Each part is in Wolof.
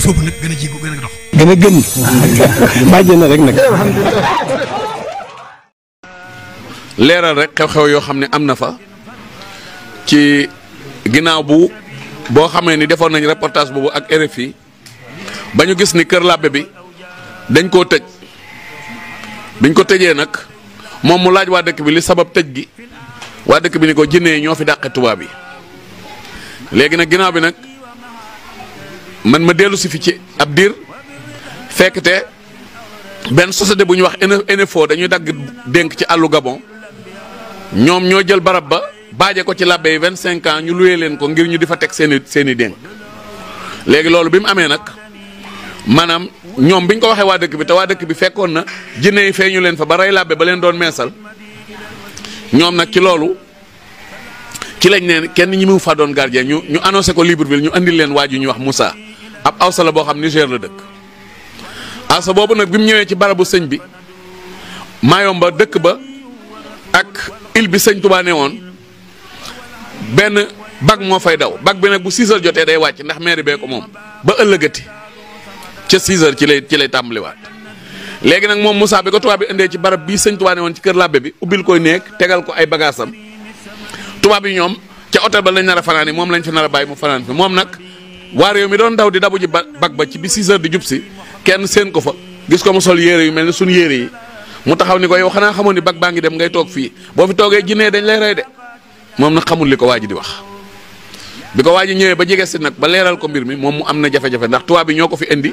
a sóobu nag gën na rek nag. leeral rek xew-xew yoo xam ne am na fa ci ginnaaw bu boo xamee ni defoon nañ reportage boobu ak RFI ba ñu gis ni kër làbbe bi dañ koo tëj biñ ko tëjee nag moom mu laaj waa dëkk bi li sabab tëj gi waa dëkk bi ni ko jinne yi ñoo fi dàqe tubaab yi léegi nag ginnaaw bi nag. man ma dellu si fi ci ab diir fekk te benn société bu ñu wax ENEFO dañuy dagg dénk ci àllu Gabon ñoom ñoo jël barab ba baaje ko ci labbe yi vingt ñu luye leen ko ngir ñu di fa teg seen seeni seen dénk léegi loolu bi mu amee nag maanaam ñoom bi ñu ko waxee waa dëkk bi te waa dëkk bi fekkoon na jinne yi feeñu leen fa ba rey labbe ba leen doon meesal ñoom nag ci loolu ci lañ ne kenn ñi mu fa doon gardien ñu ñu annoncé ko Libreville ñu andil leen waa ji ñuy wax Moussa ab awsa la boo xam Niger la dëkk awsa boobu nag bi mu ñëwee ci barabu sëñ bi Mayomba dëkk ba ak il bi sëñ Touba woon benn bag moo fay daw bag bi nag bu 6 heures jotee day wàcc ndax mairie bee ko moom ba ëllëgati ca 6 heures ci lay ci lay tàmbaliwaat léegi nag moom musaa bi ko tubaab bi indee ci barab bi sëñ Touba woon ci kër labbe bi ubbil koy néeg tegal ko ay bagaasam tubaab yi ñoom ca hôtel ba lañ nar a fanaani moom lañ fi nar a bàyyi mu fanaan fi moom nag waa réew mi doon daw di dabu ji ba bag ba ci bi 6 heures di jub si kenn seen ko fa gis ko mu sol yére yu mel ni suñu yére yi mu taxaw ni ko yow xanaa xamoon ni bag baa ngi dem ngay toog fii boo fi toogee jinne dañ lay rey de moom nag xamul li ko waa ji di wax. bi ko waa ji ñëwee ba jege si nag ba leeral ko mbir mi moom mu am na jafe-jafe ndax tubaab bi ñoo ko fi indi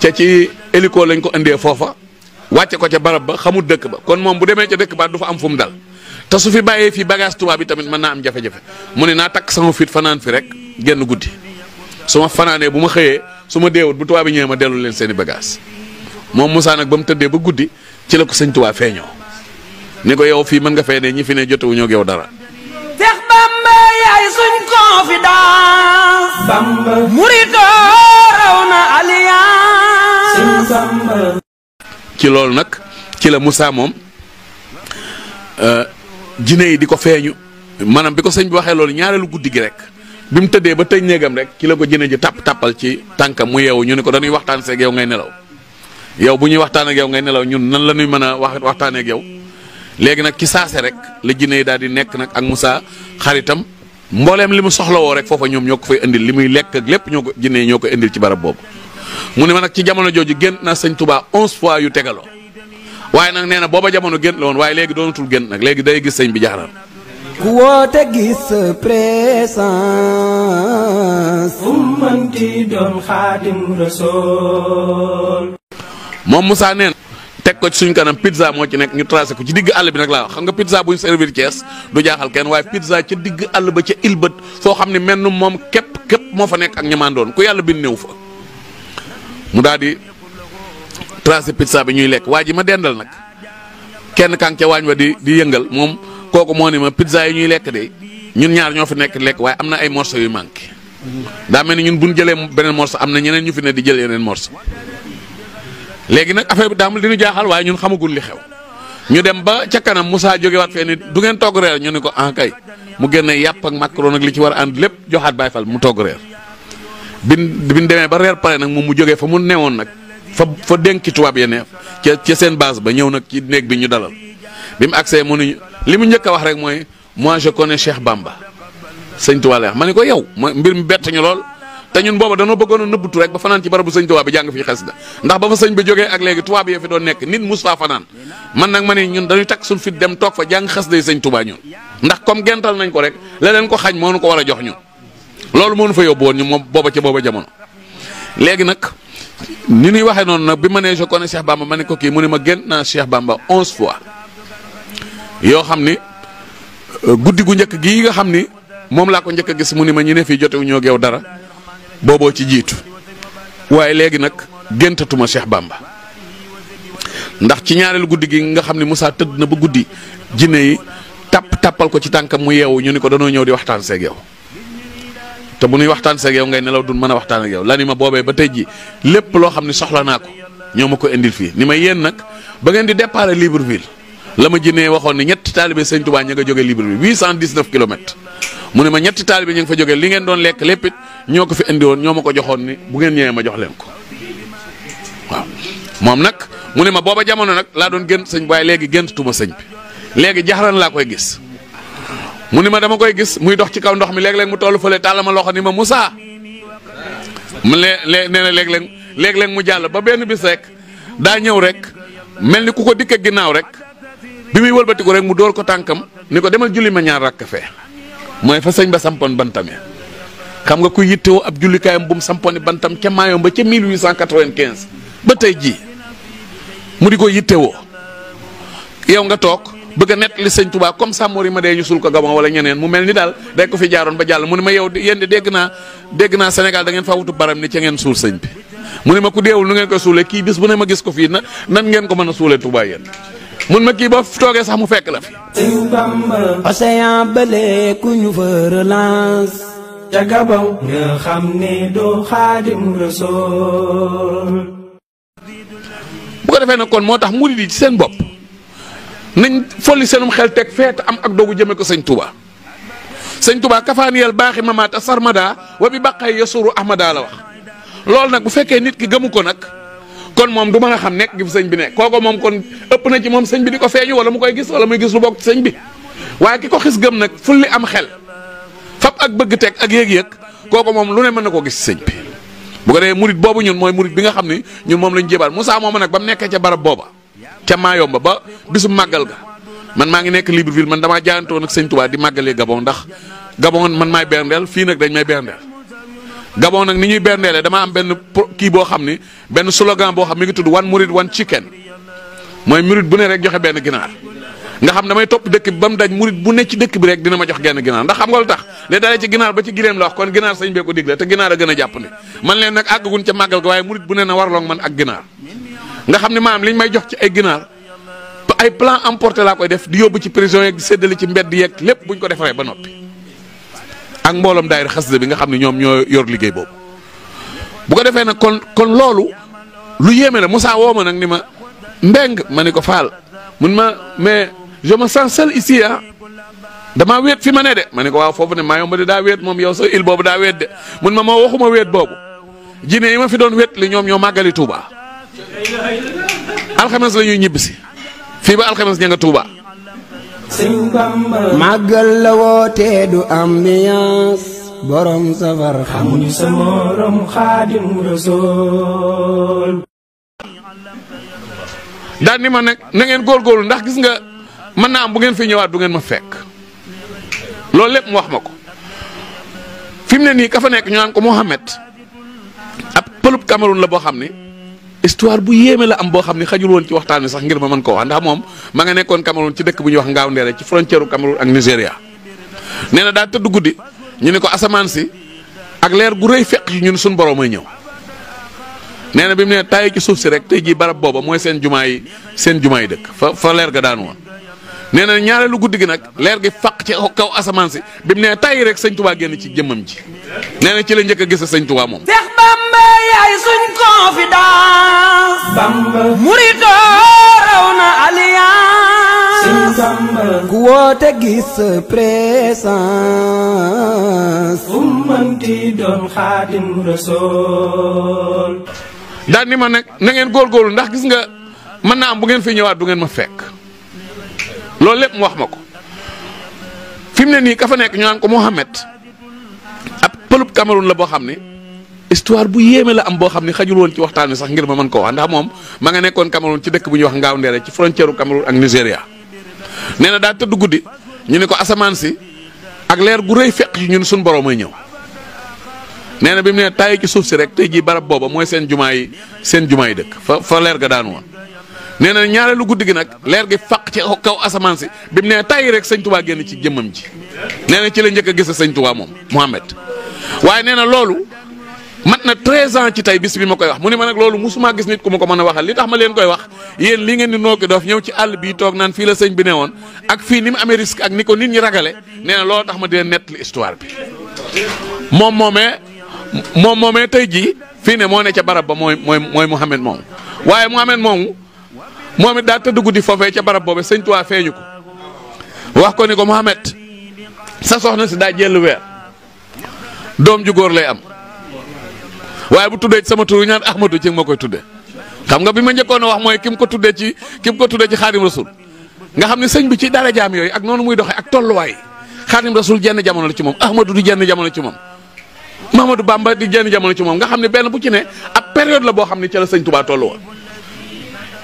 ca ci hélico lañ ko indee foofa wàcce ko ca barab ba xamul dëkk ba kon moom bu demee ca dëkk ba du am fu mu dal. ta su fi baye fi bagage tuba bi tamit man na am jafé jafé mune na tak sama fit fanan fi rek genn goudi suma fanané buma xeyé suma déwut bu tuba bi ñëma ma leen seen bagage mom Moussa nak bam mu ba goudi ci la ko sëñ tuba feño ni ko yow fi man nga fee ñi fi ne jottu ñok yow dara. tax Bamba yaay suñ confidence. Bamba murido rawna na ci lol nak ci la Moussa moom. Euh, jinne yi di ko feeñu maanaam bi ko sëñ bi waxee loolu ñaareelu guddi gi rek bi mu tëddee ba tëj néegam rek ki la ko jinne ji tàpp tàppal ci tànkam mu yeewu ñu ne ko dañuy waxtaan seeg yow ngay nelaw yow bu ñuy waxtaan yow ngay nelaw ñun nan la ñuy mën a wax waxtaanee ak yow léegi nag ci saase rek la jinne yi daal di nekk nag ak musaa xaritam mbooleem li mu soxlawoo rek foofa ñoom ñoo ko fay indil li muy lekk ak lépp ñoo ko jinne yi ñoo ko indil ci barab boobu mu ne ma nag ci jamono jooju génn na sëñ Touba onze fois yu tegaloo waaye nag nee na booba jamono gént la woon waaye léegi doonatul génn nag léegi day gis sañ bi jaxaral ku woote gis présence ummanti doon xaadim rasool moom Moussa nee teg ko suñ kanam pizza moo ci nekk ñu tracé ko ci digg àll bi nag laa wax xam nga pizza buñ servir Thiès du jaaxal kenn waaye pizza ca digg àll ba ca ilbat foo xam ne mel moom képp képp moo fa nekk ak ñamaan doon ku yàlla bind new fa mu daal di tracé pizza bi ñuy lekk waa ji ma dendal nag kenn kan ca waañ wa di di yëngal moom kooku moo ne ma pizza yi ñuy lekk de ñun ñaar ñoo fi nekk lekk waaye am na ay morceaux yu manqué. daa mel ni ñun bu ñu jëlee beneen morceau am na ñeneen ñu fi ne di jël yeneen morceau léegi nag affaire bi daam li ñu jaaxal waaye ñun xamagul li xew ñu dem ba ca kanam Moussa jógewaat fee ni du ngeen togg reer ñu ne ko ah kay mu génne yàpp ak macaron ak li ci war a ànd lépp joxaat Baay mu togg reer. bin bin demee ba reer pare nag moom mu jógee fa mu newoon nag. fa fa dénki tubaab ya ne ca ca seen base ba ñëw nag ci néeg bi ñu dalal bi mu agsee mu ñu li mu njëkk a wax rek mooy moi je connais Cheikh Bamba sëñ Tuubaa la ma ne ko yow ma mbir mi bett ñu lool. te ñun booba danoo bëggoon a nëbbatu rek ba fanaan ci barabu sëñ tubaab bi jàng fi xasida ndax ba fa sëñ bi jógee ak léegi tubaab yee fi doon nekk nit mus faa fanaan man nag ma ne ñun dañuy takk suñ fit dem toog fa jàng xasida yi sëñ tubaab ñun ndax comme gental nañ ko rek la ko xañ moo nu ko war a jox ñun loolu moo fa yóbbu woon ñu moom booba ca booba jamono léegi nag ni nuy waxee noonu nag bi ma nee je connais Cheikh Bamba ma ne ko kii mu ne ma gént naa Cheikh Bamba onze fois yoo xam ni euh, guddi gu njëkk gii nga xam ni moom laa ko njëkk a gis mu ne ma ñu ne fii jotewu ñoo geew dara booboo ci jiitu waaye léegi nag géntatuma Cheikh Bamba ndax ci ñaareelu guddi gi nga xam ne Moussa tëdd na ba guddi jinne yi tàpp tàppal ko ci tànkam mu yeewu ñu ni ko danoo ñëw di waxtaan seeg yow te bu ñuy waxtaan seeg yow ngay nelaw dun mën a waxtaan ak yow lani ma boobee ba tey ji lépp loo xam ne soxla naa ko ñoo ma ko indil fii ni ma yéen nag ba ngeen di libre Libreville la ma jinee waxoon ni ñetti taalibe sëñ Tuubaa ña nga jógee Libreville 819 kilomètres mu ne ma ñetti taalibe ña ngi fa jógee li ngeen doon lekk lépp ñoo ko fi indi woon ñoo ma ko joxoon ni bu ngeen ñëwee ma jox leen ko waaw moom nag mu ne ma booba jamono nag laa doon gént sëñ waaye léegi gént tuma bi léegi jaxran laa koy gis mu ni ma dama koy gis muy dox ci kaw ndox mi léeg-léeg mu tollu fële tàllama loxo ni ma Moussa mu le nee na léeg-léeg léeg-léeg mu jàll ba benn bis rek daa ñëw rek mel ni ku ko dikk ginnaaw rek bi muy wëlbatiku rek mu dóor ko tànkam ni ko demal julli ma ñaar rakk fee mooy fa sëñ ba sampoon bantame xam nga ku yittewoo ab jullikaayam bu mu sampoon bantam ca maayom ba ca 1895 ba tey jii mu di ko yittewoo yow nga toog. bëgg net li sëñ Touba comme sàmmoor yi day ñusul ko Gabon wala ñeneen mu melni dal day ko fi jaaroon ba jall mu ne ma yow yeen de degg na degg na Sénégal da ngeen fa wutu param ni ci ngeen sul sëñ bi mu ne ma ku deewul nu ngeen ko sulé ki bis bu ne ma gis ko fi na nan ngeen ko mëna sulé suulee Touba yéen mun ma ki ba toogee sax mu fekk la fi. océan bële ku ñu fa relance. ca Gabon nga xam ne doo Xaadim bu ko defé nag kon motax mouride ci seen bop nañ folli seenum xel teg feet am ak dogu jëme ko sëñ Touba sëñ Touba kafaaniyal baaxi mamaata sarmada wa bi baqay yasuru ahmada la wax loolu nag bu fekkee nit ki gëmu ko nag kon moom du mën a xam nekk gi sëñ bi nekk kooko moom kon ëpp na ci moom sëñ bi di ko feeñu wala mu koy gis wala muy gis lu bokk ci bi waaye ki ko xis gëm nag fulli am xel fab ak bëgg teg ak yëg-yëg kooko moom lu ne mën na koo gis sëñ bi bu ko defee murit boobu ñun mooy murit bi nga xam ne ñun moom lañ jébaal Moussa moom nag ba mu nekkee ca barab booba ca Maayomba ba bisu màggal ga man maa ngi nekk Libreville man damaa jaayantoon ak sëñ Touba di màggalee Gabon ndax Gabon man maay berndeel fii nag dañ may berndeel. Gabon nag ni ñuy berndeelee dama am benn kii boo xam ni benn slogan boo xam mi ngi tudd wan murid one chicken mooy murid bu ne rek joxe benn ginaar. nga xam damay topp dëkk bi ba mu daj murit bu ne ci dëkk bi rek dina ma jox genn ginaar ndax xam nga lu tax li dalee ci ginaar ba ko digle te ginaar a jàpp ne man leen nag àggaguñ màggal ga waaye murit bu ne na warloog man ak ginaar nga xam ne maanaam liñ may jox ci ay ginaar ay plan emporté laa koy def di yóbbu ci prison yeeg di séddale ci mbedd yeeg lépp buñ ko defaree ba noppi ak mbooloom daayira xasida bi nga xam ne ñoom ñoo yor liggéey boobu. bu ko defee nag kon kon loolu lu yéeme la musaa woo ma nag ni ma mbeng ma ni ko faal mun ma mais je me sens seul ici ah damaa wéet fi ma ne de ma ne ko waaw foofu ne maa yomb de daa weet moom yow sa il boobu daa wéet de mun ma moo waxuma boobu jinne yi ma fi doon wéet li ñoom ñoo màggali Touba. alxames la ñuy ñibbisi fii ba alxames ña nga Touba. màggal la wote du ambiance borom safar xamuñu sa morom khadim Rasul. dal ni ma nag na ngeen gol ndax gis nga man na am bu ngeen fi ñëwaat du ngeen ma fekk loolu lepp mu wax mako fimne ni ka fa nek ñu ko mohammed ab pelup Cameroun la bo xamni histoire bu yéme la am bo xamni xajul won ci waxtani sax ngir ma man ko wax ndax mom ma nga nekkon Cameroun ci dëkk bu ñu wax Ngaaw Ndeere ci frontière Cameroun ak nigeria da guddi ñu ne ko asaman si ak leer gu sun fekk ñun suñu borom mooy ñew nee bimu ne ci suuf si rek tay ji barab booba moy seen jumaay seen fa fa leer ga daan woon guddi gi nag leer gi fakk ci kaw asaman si bimu mu ne taayi rek seigne touba génn ci jëmam ji nee ci la njëkk a gis sëñ mom mooy suñ confidence bamba murito na alliance ku woote gis présence ummanti doon xaadim rasool daal ni ma nag na ngeen góorgóorlu ndax gis nga mën naa am bu ngeen fi ñëwaat du ngeen ma fekk loolu lépp mu wax ma ko fi mu ne nii ka fa nekk ñu naan ko Mohamed ab pëlub Cameroun la boo xam histoire bu yéme la am bo xamni xajul won ci waxtan sax ngir ma man ko wax ndax mom ma nga nekkon Cameroun ci dekk bu ñu wax Ngaaw ndere ci frontière u Cameroun ak nigeria nee da daa guddi ñu ne ko asamaan si ak leer gu reuy fekk yi ñun sun borom mooy ñew nee bimu bi mu ne taayu ci suuf si rek tay ji barab booba moy sen jumaa yi seen jumaa yi dëkk fa fa leer ga daan won nee na ñaareelu guddi gi nak leer gi fakk ci kaw asamaan si bimu mu ne taayi rek sëñ touba genn ci jëmmam ji nee ci la ñëk a gis touba mom mohammed waye waaye lolu mat na 13 ans ci tey bis bi ma koy wax mu ne ma nag loolu musuma gis nit ku ma ko mën a waxal li tax ma leen koy wax yéen li ngeen di nooki doof ñëw ci àll bi toog naan fii la sëñ bi ne woon ak fii ni mu amee risque ak ni ko nit ñi ragale nee na loolu tax ma di leen nettali histoire bi moom moomee moom moomee tey jii fii ne moo ne ca barab ba mooy mooy mooy Mouhamed moomu waaye Mouhamed moomu moom it daa tëdd guddi foofee ca barab boobe sëñ Tuubaa feeñu ko wax ko ni ko Mouhamed sa soxna si daa jël weer lay am. waaye bu tuddee ci sama tur ñaan Ahmadou ci ma koy tudde xam nga bi ma njëkkoon a wax mooy ki ko tuddee ci ki mu ko tuddee ci xaadim rasul nga xam ne sëñ bi ci dara jaam yooyu ak noonu muy doxee ak tolluwaay xaadim rasul jenn jamono la ci moom Ahmadou di jenn jamono ci moom. Mamadou Bamba di jenn jamono ci moom nga xam ne benn bu ci ne ab période la boo xam ne ca la sëñ Touba tollu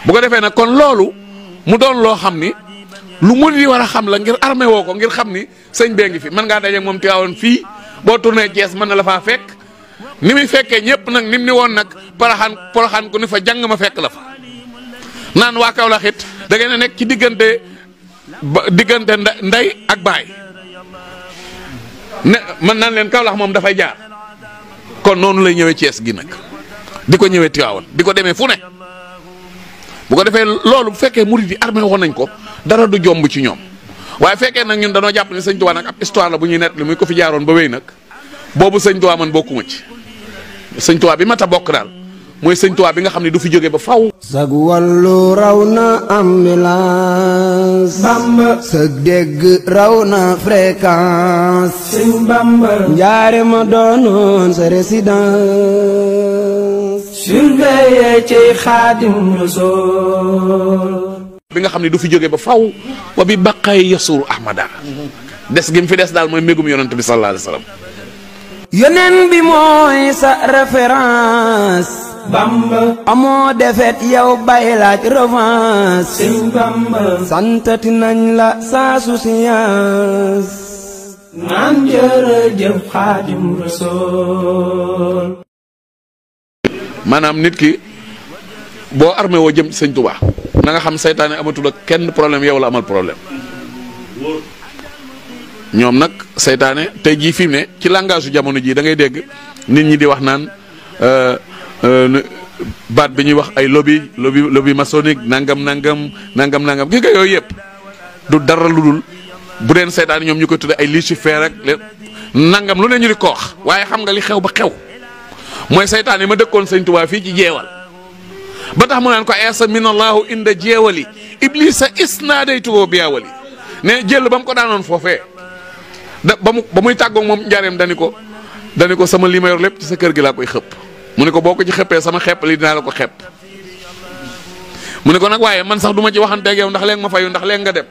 bu ko defee nag kon loolu mu doon loo xam ni lu mu di war a xam la ngir armé woo ko ngir xam ni sëñ bee ngi fi mën ngaa daje moom Tiwaawan fii boo tourné Thiès mën na la faa ni muy fekkee ñëpp nag nim ni woon nag poroxaan poroxaan ku ni fa jang ma fekk la fa naan waa Kaolack xit da ngay a nekk ci diggante diggante nday ak bay ne man naan leen mom da fay jaar kon nonu lay ci es gi nak di ñëwé ñëwee diko démé fu ne bu ko défé loolu fekke mouride armé nañ ko dara du jomb ci ñom waye fekke nak ñun dañu japp ni sëñ Tuubaa nak ab histoire la bu ñuy net lu muy ko fi jaaroon ba wéy nak bobu man bokkuma ci sëñ bi mat a bokk daal mooy sëñ bi nga xam ne du fi jóge ba faw sag wàllu raw na ambulance sag dégg raw na fréquence sëñ ma doonoon sa résidence surveillé ci Xaadim Rasuul bi nga xam ne du fi jóge ba faw wa bi baqay yasuru ahmada des gi mu fi des daal mooy mégum yonent bi sallallahu alayhi wa yenen bi moy sa reference Bamba amo defet yow bayla revanche Bamba santati nañ la sa souciance jere jeuf khadim Rasool manam nit ki bo armé wo jëm seigne touba na nga xam seytaane amatu la kenn problème yow la amal problème ñom nak seytaane tey jii fi mu ne ci langage su jamono ji da ngay dégg nit ñi di wax naan euh, euh, baat bi ñuy wax ay lobby lobby lobby maçonnique nangam nangam nangam nangam gi nga yooyu yëpp du dara lu dul bu deen seytaane ñoom ñu koy tudde ay Lucifer rek nangam lu ne ñu di koox waaye xam nga li xew ba xew mooy seytaane ma dëkkoon sëñ fii ci jeewal ba tax mu naan ko eesa minallahu inda jeewali iblisa ne jël ba mu ko daanoon foofee ba muy tàggoog mom ndiarem dani ko sama lima yor lepp ci sa kër gi la koy xëpp mu ne ko ci sama xepp li dina la ko xepp mu ne ko nag waaye man sax duma ci waxante ak yow ndax léegi ma fayu ndax léegi nga dem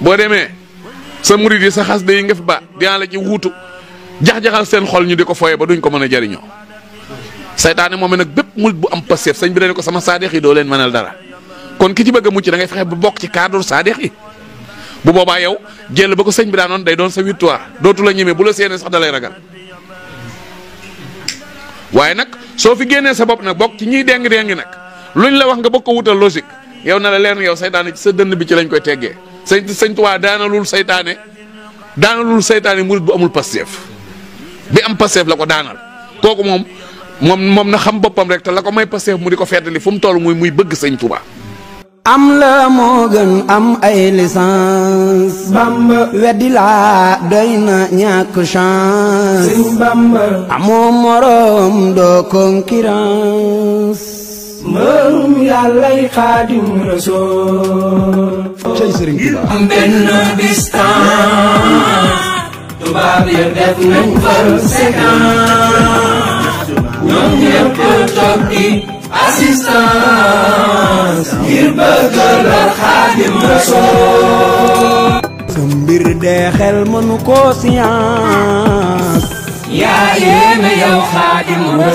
bo demee sa mouride yi sa xas day nga fi ba dina la ci wuutu jax-jaxal seen xol ñu diko ko foye ba duñ ko mëna jariño jariñoo saytaane nak bu am passé señ bi dañ ko sama sadikh yi do leen manal dara kon ki ci bëgg mucc da ngay fexé bu bok ci cadre yi bu boobaa yow jël ba ko sëñ bi daanoon day doon sa victoire dootu la ñemee bu la séenee sax da ragal waaye nag soo fi génnee sa bopp nag bokk ci ñiy déng déng nag luñ la wax nga bokk ko wutal logique yow na la leen yow saytaane ci sa dënn bi ci lañ koy teggee sëñ sëñ Tuubaa daanalul saytaane daanalul saytaane murit bu amul Pastef bi am Pastef la ko daanal kooku moom moom moom na xam boppam rek te la ko may Pastef mu di ko feetali fu mu toll muy muy bëgg sëñ chance Bamba weddi laa doy na ñàkk chance Sëñ Bamba amoo morom doo concurrence mbërum yàllay xaadim rasool cey sëriñ Tuubaa am benn distance tubaab ya def nañ par séquence ñoom ñépp toog di assistance ngir bëgg la Xaadimu Rasuul sa mbir de xel mënu ko science yow Xaadimu Rasuul